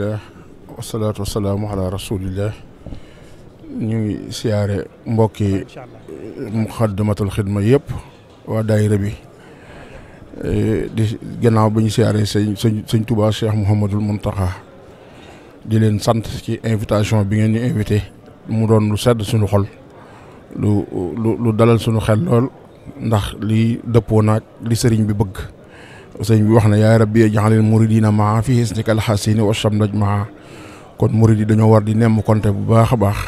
alhamdulilah wasalaatu wasalaamu ala rasulillah ñu ngi siyaare mbokki muxaddamatul xidma yëpp waa daayira bi e, di gannaaw bi ñu siyaare sëñ sëñ sëñ Touba Cheikh Mouhamadul Mountakha di leen sant ci invitation bi ngeen ñu invité mu doon lu sedd suñu xol lu lu lu dalal suñu xel lool ndax li dëppoo naa li sëriñ bi bëgg sëñ bi wax na yaa rabbi jaxalil muridina maa fi hisnikal xasini wa samdaj maa kon murid yi dañoo war di nemm konte bu baax a baax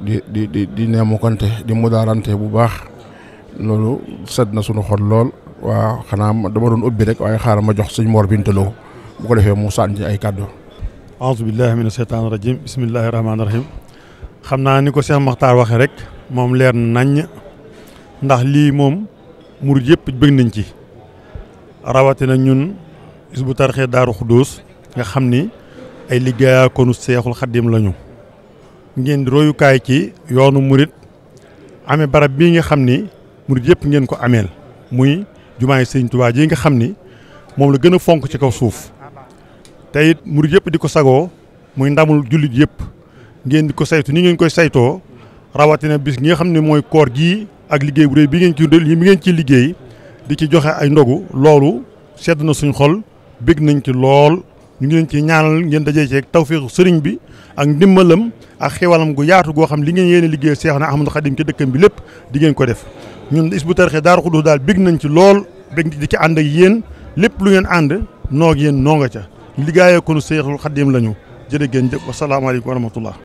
di di di di nemm konte di mudaarante bu baax loolu sedd na sunu xol lool waaw xanaa dama doon ubbi rek waaye xaaral ma jox sëñ Mor Binta Lo bu ko defee mu ji ay kaddo aouzu billahi mina sheytaani rajim bismillahi rahmaani rahim xam naa ni ko Cheikh Makhtar waxee rek moom leer naññ ndax lii moom murid yëpp bëgg nañ ci rawatina ñun Hizbut Tarqiyyah Daaru Xudoos nga xam ni ay liggéeyaakoonu seexul xaddim lañu ngeen royukaay ci yoonu murit amee barab bii nga xam ni murit yëpp ngeen ko ameel muy jumaay sëñ Tuubaa nga xam ni moom la gën a fonk ci kaw suuf te it murit yëpp di ko sagoo muy ndamul jullit yëpp ngeen di ko saytu ni ngeen koy saytoo rawatina bis nga xam ne mooy koor gii ak liggéey bu rëy bi ngeen ci dul yi ngeen ciy liggéey di ci joxe ay ndogu loolu sedd na suñ xol bég nañ ci lool ñu ngi leen ci ñaanal ngeen dajee ci tawféexu sëriñ bi ak ndimbalam ak xewalam gu yaatu goo xam li ngeen yéene liggéey Seex na Ahmadou Khadim ci dëkkam bi lépp di ngeen ko def ñun Hizbut Tarqiyyah Daaru Xudoos daal bég nañ ci lool bég di ci ànd ak yéen lépp lu ngeen ànd noog yéen noo ca liggéeyee ko nu Seexul Xadim lañu jërë ngeen jëf wasalaamaaleykum wa rahmatullah